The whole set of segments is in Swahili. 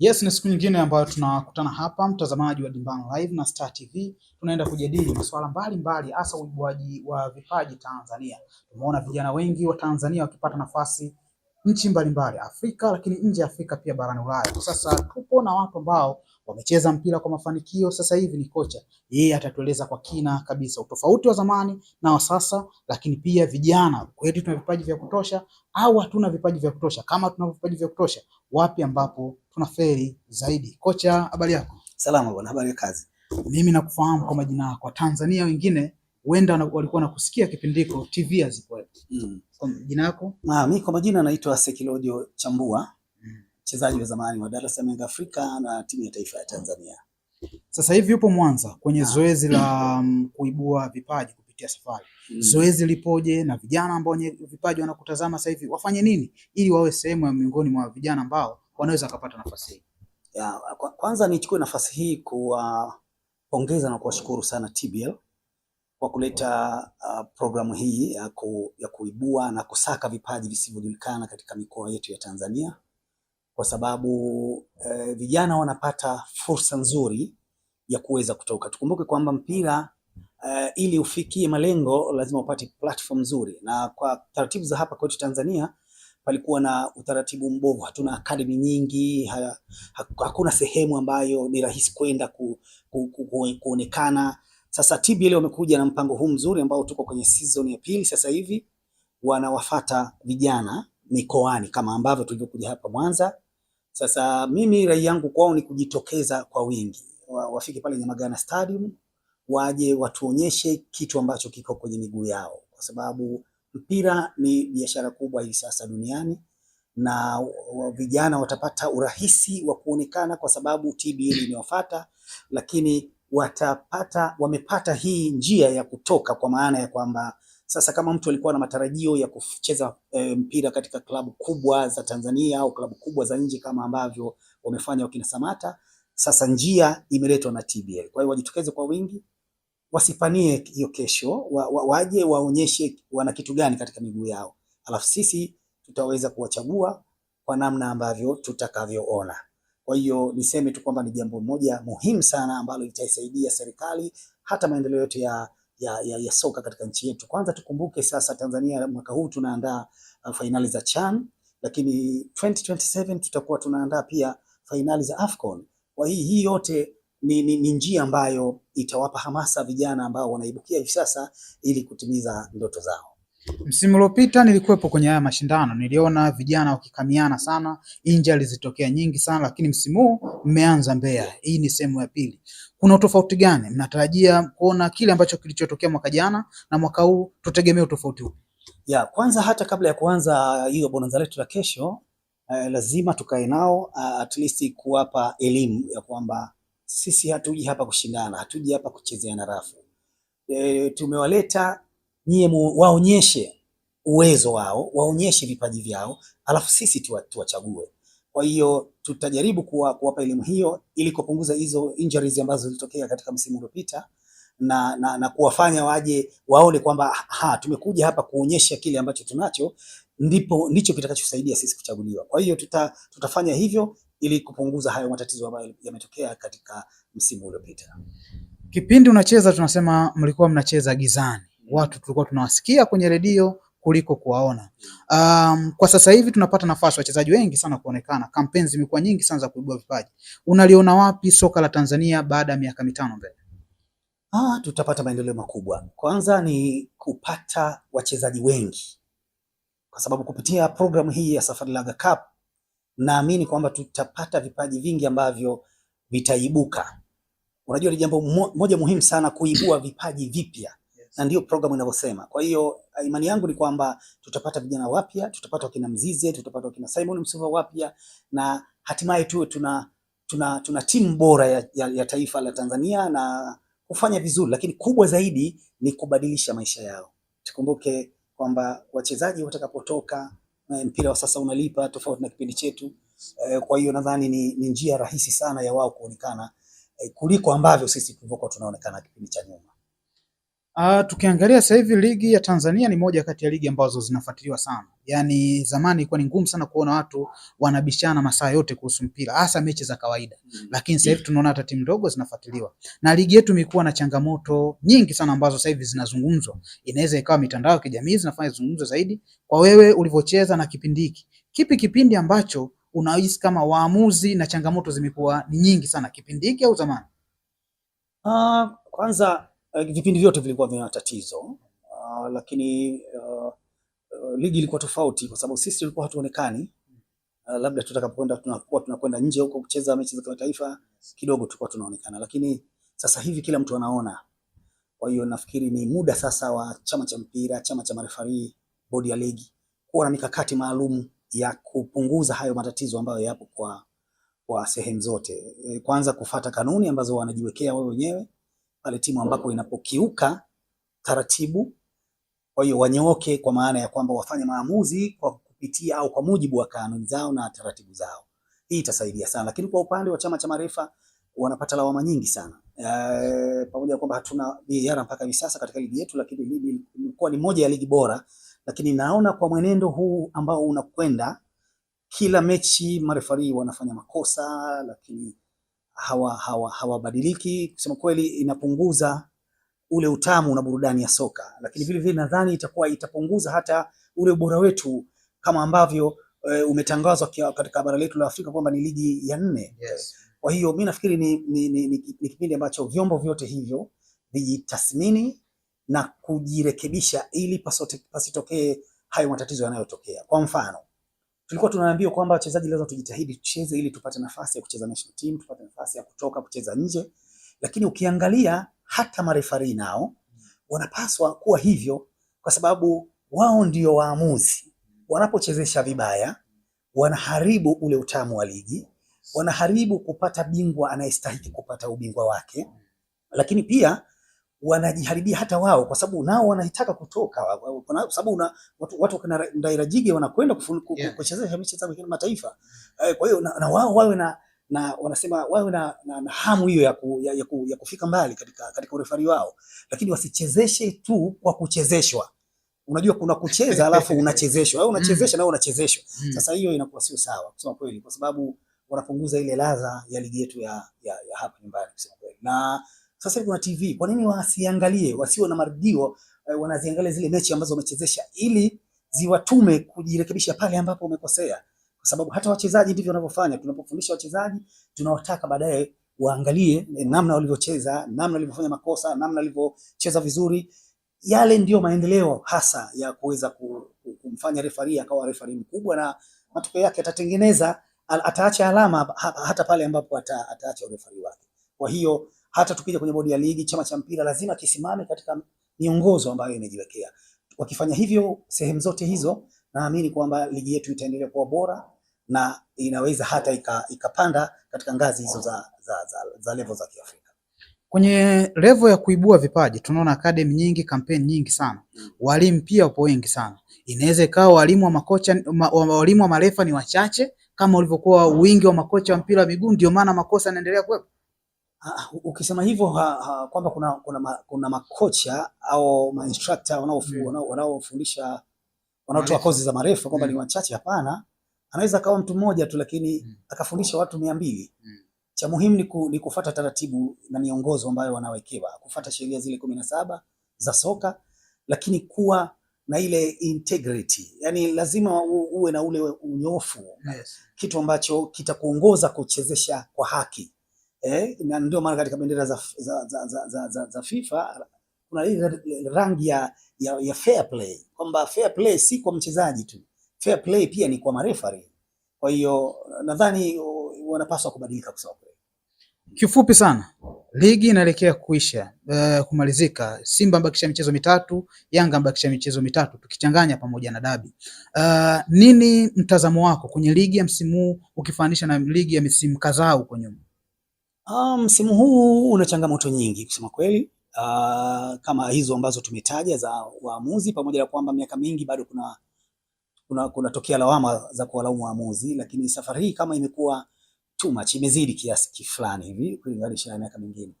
Yes, ni siku nyingine ambayo tunakutana hapa mtazamaji wa Dimbani Live na Star TV, tunaenda kujadili masuala mbalimbali hasa uibuaji wa vipaji Tanzania. Tumeona vijana wengi wa Tanzania wakipata nafasi nchi mbalimbali Afrika, lakini nje ya Afrika pia barani Ulaya. Sasa tupo na watu ambao wamecheza mpira kwa mafanikio, sasa hivi ni kocha. Yeye atatueleza kwa kina kabisa utofauti wa zamani na wa sasa, lakini pia vijana kwetu, tuna vipaji vya kutosha au hatuna vipaji vya kutosha? Kama tuna vipaji vya kutosha, wapi ambapo feli zaidi? Kocha, habari yako? Salama bwana, habari ya kazi. Mimi nakufahamu kwa majina yako, Tanzania wengine huenda walikuwa nakusikia kipindiko hiko TV hazipo. Mm. Jina yako? Ah, mimi kwa majina naitwa Sekilojo Chambua, mm. mchezaji wa zamani wa Dar es Salaam Afrika na timu ya taifa ya Tanzania. Sasa hivi yupo Mwanza kwenye ah. zoezi la mm, kuibua vipaji kupitia Safari. Mm. Zoezi lipoje na vijana ambao wenye vipaji wanakutazama sasa hivi wafanye nini ili wawe sehemu ya miongoni mwa vijana ambao wanaweza kupata nafasi hii? Ya, kwanza nichukue nafasi hii kuwapongeza na kuwashukuru sana TBL kwa kuleta uh, programu hii ya, ku, ya kuibua na kusaka vipaji visivyojulikana katika mikoa yetu ya Tanzania kwa sababu eh, vijana wanapata fursa nzuri ya kuweza kutoka. Tukumbuke kwamba mpira eh, ili ufikie malengo lazima upate platform nzuri, na kwa taratibu za hapa kwetu Tanzania palikuwa na utaratibu mbovu. Hatuna akademi nyingi ha, hakuna sehemu ambayo ni rahisi kwenda ku, ku, ku, ku, kuonekana sasa TBL wamekuja na mpango huu mzuri ambao tuko kwenye season ya pili sasa hivi, wanawafata vijana mikoani kama ambavyo tulivyokuja hapa Mwanza. Sasa mimi rai yangu kwao ni kujitokeza kwa wingi, wafike pale Nyamagana Stadium, waje watuonyeshe kitu ambacho kiko kwenye miguu yao, kwa sababu mpira ni biashara kubwa hivi sasa duniani na vijana watapata urahisi wa kuonekana kwa sababu TBL imewafuata, lakini watapata wamepata hii njia ya kutoka, kwa maana ya kwamba sasa kama mtu alikuwa na matarajio ya kucheza e, mpira katika klabu kubwa za Tanzania au klabu kubwa za nje kama ambavyo wamefanya wakina Samata, sasa njia imeletwa na TBL. Kwa hiyo wajitokeze kwa wingi, wasipanie hiyo kesho, wa, wa, waje waonyeshe wana kitu gani katika miguu yao, alafu sisi tutaweza kuwachagua kwa namna ambavyo tutakavyoona. Kwa hiyo niseme tu kwamba ni jambo moja muhimu sana ambalo litaisaidia serikali hata maendeleo yote ya, ya, ya, ya soka katika nchi yetu. Kwanza tukumbuke sasa Tanzania mwaka huu tunaandaa uh, fainali za CHAN lakini 2027 tutakuwa tunaandaa pia fainali za AFCON. Kwa hii hii yote ni, ni, ni njia ambayo itawapa hamasa vijana ambao wanaibukia hivi sasa ili kutimiza ndoto zao. Msimu uliopita nilikuwepo kwenye haya mashindano, niliona vijana wakikamiana sana, injury zilitokea nyingi sana, lakini msimu huu mmeanza Mbeya, hii ni sehemu ya pili. Kuna utofauti gani mnatarajia kuona kile ambacho kilichotokea mwaka jana na mwaka huu, tutegemee utofauti huu? Ya kwanza, hata kabla ya kuanza hiyo bonanza letu la kesho eh, lazima tukae nao uh, at least kuwapa elimu ya kwamba sisi hatuji hapa kushindana, hatuji hapa na rafu. E, tumewaleta nyie waonyeshe uwezo wao, waonyeshe vipaji vyao, alafu sisi tuwachague. Kwa hiyo tutajaribu kuwa, kuwapa elimu hiyo ili kupunguza hizo injuries ambazo zilitokea katika msimu uliopita na, na, na kuwafanya waje waone kwamba ha, tumekuja hapa kuonyesha kile ambacho tunacho, ndipo ndicho kitakachosaidia sisi kuchaguliwa. Kwa hiyo tuta, tutafanya hivyo ili kupunguza hayo matatizo ambayo yametokea katika msimu uliopita. Kipindi unacheza tunasema mlikuwa mnacheza gizani watu tulikuwa tunawasikia kwenye redio kuliko kuwaona. Um, kwa sasa hivi tunapata nafasi wachezaji wengi sana kuonekana, kampeni zimekuwa nyingi sana za kuibua vipaji. Unaliona wapi soka la Tanzania baada ya miaka mitano mbele? Ah, tutapata maendeleo makubwa. Kwanza ni kupata wachezaji wengi, kwa sababu kupitia programu hii ya Safari Laga Cup naamini kwamba tutapata vipaji vingi ambavyo vitaibuka. Unajua, ni jambo moja muhimu sana kuibua vipaji vipya na ndio programu inavyosema. Kwa hiyo ah, imani yangu ni kwamba tutapata vijana wapya, tutapata wakina Mzize, tutapata wakina Simon Msuva wapya na hatimaye tuwe tuna, tuna, tuna timu bora ya, ya, ya taifa la Tanzania na kufanya vizuri, lakini kubwa zaidi ni kubadilisha maisha yao. Tukumbuke kwamba wachezaji watakapotoka eh, mpira wa sasa unalipa tofauti na kipindi chetu. Eh, kwa hiyo nadhani ni, ni njia rahisi sana ya wao kuonekana eh, kuliko ambavyo sisi tulivyokuwa tunaonekana kipindi cha nyuma. Uh, tukiangalia sasa hivi ligi ya Tanzania ni moja kati ya ligi ambazo zinafuatiliwa sana. Yaani zamani ilikuwa ni ngumu sana kuona watu wanabishana masaa yote kuhusu mpira hasa mechi za kawaida. Mm. Lakini sasa hivi tunaona hata timu ndogo zinafuatiliwa. Na ligi yetu imekuwa na changamoto nyingi sana ambazo sasa hivi zinazungumzwa. Inaweza ikawa mitandao ya kijamii zinafanya zungumzo zaidi. Kwa wewe ulivyocheza na kipindi hiki. Kipi kipindi ambacho unahisi kama waamuzi na changamoto zimekuwa nyingi sana kipindi hiki au zamani? uh, kwanza Eh, vipindi vyote vilikuwa vina tatizo uh, lakini uh, ligi ilikuwa tofauti kwa sababu sisi tulikuwa hatuonekani uh, labda tutakapokwenda tunakuwa tunakwenda nje huko kucheza mechi za kimataifa kidogo tulikuwa tunaonekana, lakini sasa hivi kila mtu anaona. Kwa hiyo nafikiri ni muda sasa wa chama cha mpira, chama cha marefari, bodi ya ligi kuwa na mikakati maalum ya kupunguza hayo matatizo ambayo yapo kwa, kwa sehemu zote, eh, kwanza kufata kanuni ambazo wanajiwekea wao wenyewe pale timu ambapo inapokiuka taratibu. Kwa hiyo wanyooke, kwa maana ya kwamba wafanye maamuzi kwa kupitia au kwa mujibu wa kanuni zao na taratibu zao. Hii itasaidia sana, lakini kwa upande wa chama cha marefa wanapata lawama nyingi sana e, pamoja na kwamba hatuna VAR mpaka hivi sasa katika ligi yetu, lakini ligi ni moja ya ligi bora, lakini naona kwa mwenendo huu ambao unakwenda kila mechi marefari wanafanya makosa, lakini hawabadiliki hawa, hawa kusema kweli, inapunguza ule utamu na burudani ya soka, lakini vile vile nadhani itakuwa itapunguza hata ule ubora wetu kama ambavyo e, umetangazwa katika bara letu la Afrika kwamba ni ligi ya nne. Yes. Kwa hiyo mi nafikiri ni, ni, ni, ni, ni kipindi ambacho vyombo vyote hivyo vijitathmini na kujirekebisha ili pasitokee hayo matatizo yanayotokea. Kwa mfano tulikuwa tunaambiwa kwamba wachezaji lazima tujitahidi tucheze ili tupate nafasi ya kucheza national team, tupate nafasi ya kutoka kucheza nje, lakini ukiangalia hata marefari nao wanapaswa kuwa hivyo, kwa sababu wao ndio waamuzi. Wanapochezesha vibaya, wanaharibu ule utamu wa ligi, wanaharibu kupata bingwa anayestahili kupata ubingwa wake, lakini pia wanajiharibia hata wao, kwa sababu nao wanataka kutoka, kwa sababu una watu watu kana Ndaira Jige wanakwenda kuchezesha mechi za kimataifa. Eh, kwa hiyo na wao wawe na na wanasema wawe na, na, na hamu hiyo ya, ku, ya, ya, ku, ya kufika mbali katika, katika urefari wao, lakini wasichezeshe tu kwa kuchezeshwa. Unajua kuna kucheza alafu unachezeshwa au unachezesha mm. na unachezeshwa. mm. Sasa hiyo inakuwa sio sawa kusema kweli, kwa sababu wanapunguza ile ladha ya ligi yetu ya, ya, ya hapa nyumbani kusema kweli na sasa hivi kuna TV, kwa nini wasiangalie, wasio na marudio eh, wanaziangalia zile mechi ambazo wamechezesha ili ziwatume kujirekebisha pale ambapo umekosea, kwa sababu hata wachezaji ndivyo wanavyofanya. Tunapofundisha wachezaji, tunawataka baadaye waangalie eh, namna walivyocheza, namna walivyofanya makosa, namna walivyocheza vizuri. Yale ndiyo maendeleo hasa ya kuweza kumfanya refari akawa refari mkubwa, na matokeo yake atatengeneza, ataacha alama hata pale ambapo ataacha urefari wake. Kwa hiyo hata tukija kwenye bodi ya ligi, chama cha mpira lazima kisimame katika miongozo ambayo imejiwekea. Wakifanya hivyo sehemu zote hizo, naamini kwamba ligi yetu itaendelea kuwa bora na inaweza hata ikapanda ika katika ngazi hizo za, za, za, za levo za Kiafrika. Kwenye levo ya kuibua vipaji tunaona academy nyingi, kampeni nyingi sana, walimu pia wapo wengi sana. Inaweza ikawa walimu wa makocha ma, walimu wa marefa ni wachache kama ulivyokuwa wingi wa makocha wa mpira wa miguu, ndio maana makosa yanaendelea kuwepo. Uh, ukisema hivyo uh, kwamba kuna, kuna, ma, kuna makocha au mainstructor mm. wanaofundisha wanaotoa kozi za marefu kwamba ni mm. wachache. Hapana, anaweza akawa mtu mmoja tu, lakini mm. akafundisha watu mia mbili mm. cha muhimu ni, ku, ni kufata taratibu na miongozo ambayo wanawekewa, kufata sheria zile kumi na saba za soka, lakini kuwa na ile integrity, yani lazima u, uwe na ule unyofu yes. kitu ambacho kitakuongoza kuchezesha kwa haki eh, na ndio maana katika bendera za, za, za, za, za, za, za FIFA kuna ile rangi ya, ya, ya fair play kwamba fair play si kwa mchezaji tu, fair play pia ni kwa marefari. Kwa hiyo nadhani wanapaswa kubadilika kusema kweli. Kifupi sana, ligi inaelekea kuisha uh, kumalizika. Simba ambakisha michezo mitatu, Yanga ambakisha michezo mitatu, tukichanganya pamoja na dabi. Uh, nini mtazamo wako kwenye ligi ya msimu huu ukifanisha na ligi ya misimu kadhaa huko nyuma? Ah, msimu um, huu una changamoto nyingi kusema kweli, uh, kama hizo ambazo tumetaja za waamuzi, pamoja na kwamba miaka mingi bado kuna kuna kunatokea lawama za kuwalaumu waamuzi, lakini safari hii kama imekuwa too much, imezidi kiasi kiflani hivi kulinganisha na miaka mingine.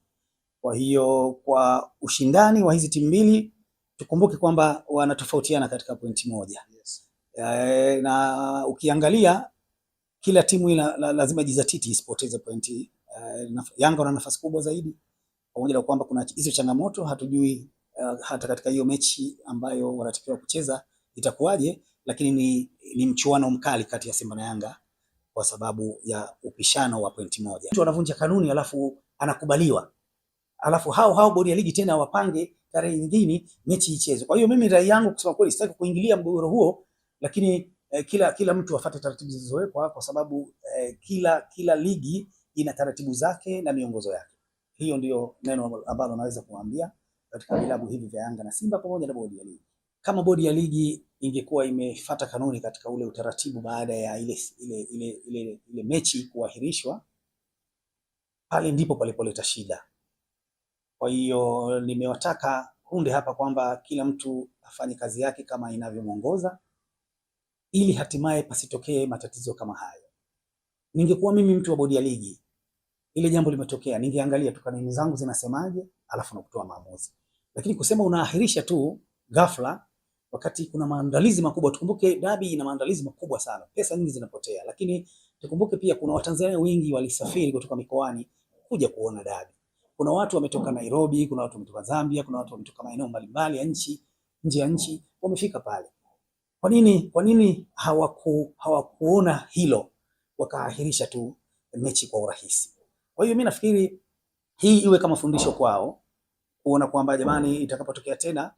Kwa hiyo kwa ushindani wa hizi timu mbili tukumbuke kwamba wanatofautiana katika pointi moja. Yes. E, na ukiangalia kila timu ina lazima jizatiti isipoteze pointi uh, Yanga wana nafasi kubwa zaidi, pamoja na kwamba kuna hizo changamoto, hatujui uh, hata katika hiyo mechi ambayo wanatakiwa kucheza itakuwaje, lakini ni, ni mchuano mkali kati ya Simba na Yanga kwa sababu ya upishano wa pointi moja. Mtu anavunja kanuni alafu anakubaliwa, alafu hao hao bodi ya ligi tena wapange tarehe nyingine mechi ichezwe. Kwa hiyo mimi rai yangu kusema kweli, sitaki kuingilia mgogoro huo, lakini eh, kila kila mtu afuate taratibu zilizowekwa kwa sababu eh, kila kila ligi ina taratibu zake na miongozo yake. Hiyo ndiyo neno ambalo naweza kuambia katika vilabu hivi vya Yanga na Simba pamoja na bodi ya ligi. Kama bodi ya ligi ingekuwa imefata kanuni katika ule utaratibu baada ya ile, ile, ile, ile, ile mechi kuahirishwa, pale ndipo palipoleta shida. Kwa hiyo nimewataka kunde hapa kwamba kila mtu afanye kazi yake kama inavyomwongoza ili hatimaye pasitokee matatizo kama hayo ningekuwa mimi mtu wa bodi ya ligi, ile jambo limetokea, ningeangalia tu kanuni zangu zinasemaje, alafu na kutoa maamuzi. Lakini kusema unaahirisha tu ghafla, wakati kuna maandalizi makubwa. Tukumbuke dabi ina maandalizi makubwa sana, pesa nyingi zinapotea. Lakini tukumbuke pia kuna Watanzania wengi walisafiri kutoka mikoani kuja kuona dabi. Kuna watu wametoka Nairobi, kuna watu wametoka Zambia, kuna watu wametoka maeneo mbalimbali ya nchi, nje ya nchi, wamefika pale. Kwa nini, kwa nini hawaku, hawakuona hilo wakaahirisha tu mechi kwa urahisi. Kwa hiyo mimi nafikiri hii iwe kama fundisho kwao kuona kwamba jamani, itakapotokea tena,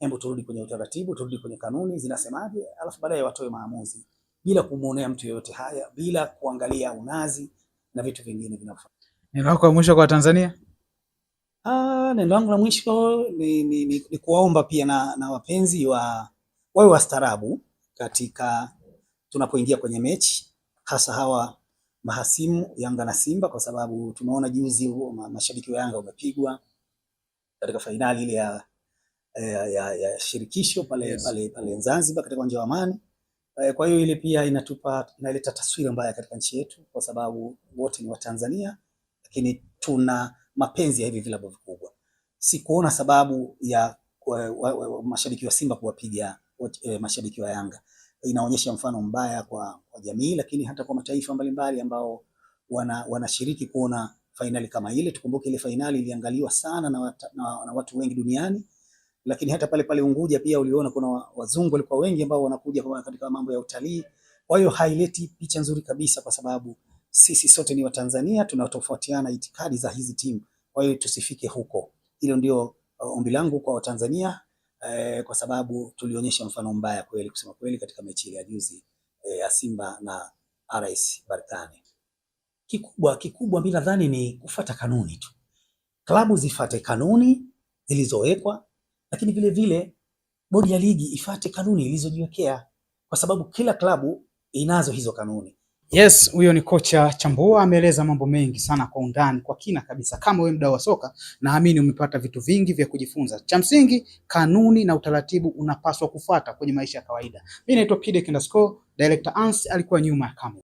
hebu turudi kwenye utaratibu, turudi kwenye kanuni zinasemaje, alafu baadaye watoe maamuzi bila kumuonea mtu yeyote haya, bila kuangalia unazi na vitu vingine vinavyofanya. Neno lako la mwisho kwa Tanzania? Ah, neno langu la mwisho ni, ni, ni, ni kuwaomba pia na, na wapenzi wa wawe wastaarabu katika tunapoingia kwenye mechi hasa hawa mahasimu Yanga na Simba, kwa sababu tumeona juzi mashabiki wa Yanga wamepigwa katika fainali ile ya, ya, ya, ya shirikisho pale, yes. pale, pale Zanzibar katika uwanja wa Amani. Eh, kwa hiyo ile pia inatupa inaleta taswira mbaya katika nchi yetu, kwa sababu wote ni Watanzania, lakini tuna mapenzi ya hivi vilabu vikubwa. Sikuona sababu ya eh, mashabiki wa Simba kuwapiga eh, mashabiki wa Yanga inaonyesha mfano mbaya kwa, kwa jamii lakini hata kwa mataifa mbalimbali ambao wanashiriki wana kuona fainali kama ile. Tukumbuke ile fainali iliangaliwa sana na, wat, na, na watu wengi duniani, lakini hata pale pale Unguja pia uliona kuna wazungu walikuwa wengi ambao wanakuja kwa katika mambo ya utalii. Kwa hiyo haileti picha nzuri kabisa, kwa sababu sisi sote ni Watanzania, tunatofautiana itikadi za hizi timu. Kwa hiyo tusifike huko. Hilo ndio ombi langu kwa Watanzania eh, kwa sababu tulionyesha mfano mbaya kweli, kusema kweli, katika mechi ya juzi eh, ya Simba na RS Berkane. Kikubwa kikubwa mimi nadhani ni kufata kanuni tu, klabu zifate kanuni zilizowekwa, lakini vile vile bodi ya ligi ifate kanuni ilizojiwekea, kwa sababu kila klabu inazo hizo kanuni. Yes, huyo ni kocha Chambua ameeleza mambo mengi sana kwa undani kwa kina kabisa. Kama wewe mdau wa soka, naamini umepata vitu vingi vya kujifunza. Cha msingi, kanuni na utaratibu unapaswa kufuata kwenye maisha ya kawaida. Mimi naitwa Pide Kindasco, director Ans alikuwa nyuma ya kamera.